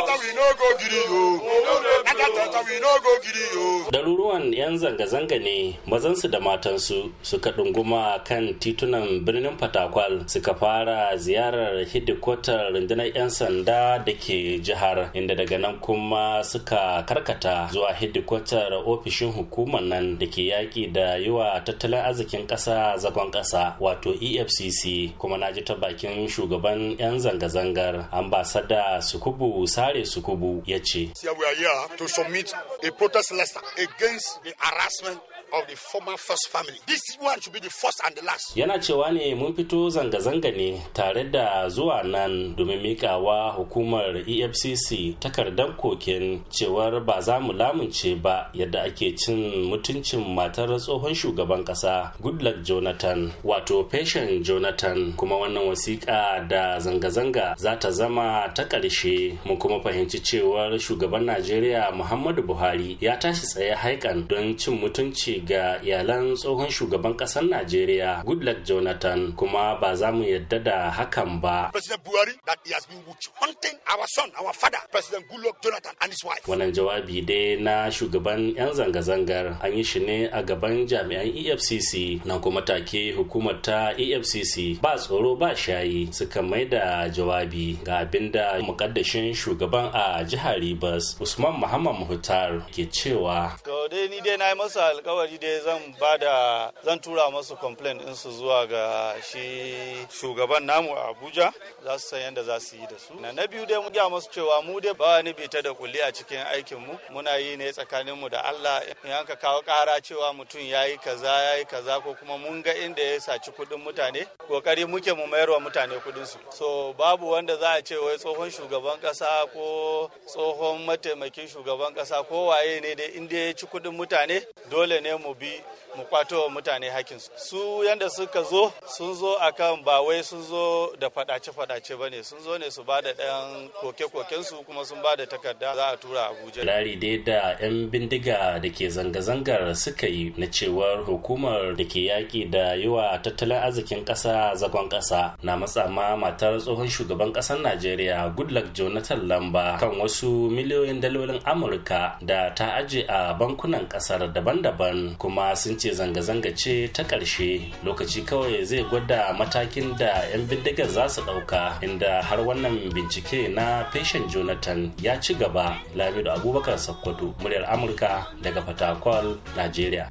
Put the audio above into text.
later we no go gree o. Daruruwan 'yan zanga-zanga ne mazansu da matansu suka ɗunguma kan titunan birnin Fatakwal suka fara ziyarar hidikotar rundunar 'yan sanda da ke jihar inda daga nan kuma suka karkata zuwa hidikotar ofishin hukumar nan da ke yaƙi da yiwa tattalin arzikin ƙasa zagon ƙasa wato EFCC kuma na ji ta bakin shugaban 'yan zanga-zangar ambasada Sukubu Sare Sukubu ya ce. to submit a protest letter against the harassment of the former first family. This one should be the first and the last. Yana cewa ne mun fito zanga-zanga ne tare da zuwa nan domin mikawa hukumar EFCC takardar koken cewar ba za mu lamunce ba yadda ake cin mutuncin matar tsohon shugaban kasa Goodluck Jonathan wato Patient Jonathan kuma wannan wasiƙa da zanga-zanga za ta zama ta ƙarshe mun kuma fahimci cewar shugaban Najeriya Muhammadu Buhari ya tashi tsaye haikan don cin mutunci ga iyalan tsohon shugaban ƙasar Najeriya Goodluck Jonathan kuma ba za mu yadda da hakan ba. President Buhari that he has been witch hunting our son, our father, President Goodluck Jonathan and his wife. Wannan jawabi dai na shugaban 'yan zanga-zangar an yi shi ne a gaban jami'an EFCC na kuma take hukumar ta EFCC ba tsoro ba shayi suka mai da jawabi ga abin da mukaddashin shugaban a jihar Rivers Usman Muhammad Muhtar ke cewa. To dai ni dai na yi masa alkawari kokari dai zan ba da zan tura masu complain din su zuwa ga shi shugaban namu a Abuja za su san yadda za su yi da su. Na biyu dai mu gaya masu cewa mu dai ba wani bita da kulli a cikin aikin mu muna yi ne tsakanin mu da Allah in ka kawo kara cewa mutum yayi kaza yayi kaza ko kuma mun ga inda ya saci kuɗin mutane kokari muke mu mayar wa mutane kuɗinsu. su. So babu wanda za a ce wai tsohon shugaban kasa ko tsohon mataimakin shugaban kasa ko waye ne dai inda ya ci kuɗin mutane dole ne Mobi mu kwato mutane hakinsu su yanda suka zo sun zo akan ba wai sun zo da fadace-fadace ba ne sun zo ne su ba da ɗayan koke koken su kuma sun ba da takarda za a tura abuja lari dai da 'yan bindiga da ke zanga-zangar suka yi na cewar hukumar da ke yaki da yawa tattalin arzikin kasa, zagon Kasa, na matsa ma matar tsohon shugaban ƙasar najeriya goodluck jonathan lamba kan wasu miliyoyin dalolin amurka da ta aje a bankunan kasar daban-daban kuma sun ce ce zanga-zanga ce ta ƙarshe lokaci kawai zai gwada matakin da 'yan bindigar za su ɗauka inda har wannan bincike na feshin jonathan ya ci gaba da abubakar sakkwato muryar amurka daga fatakwal nigeria.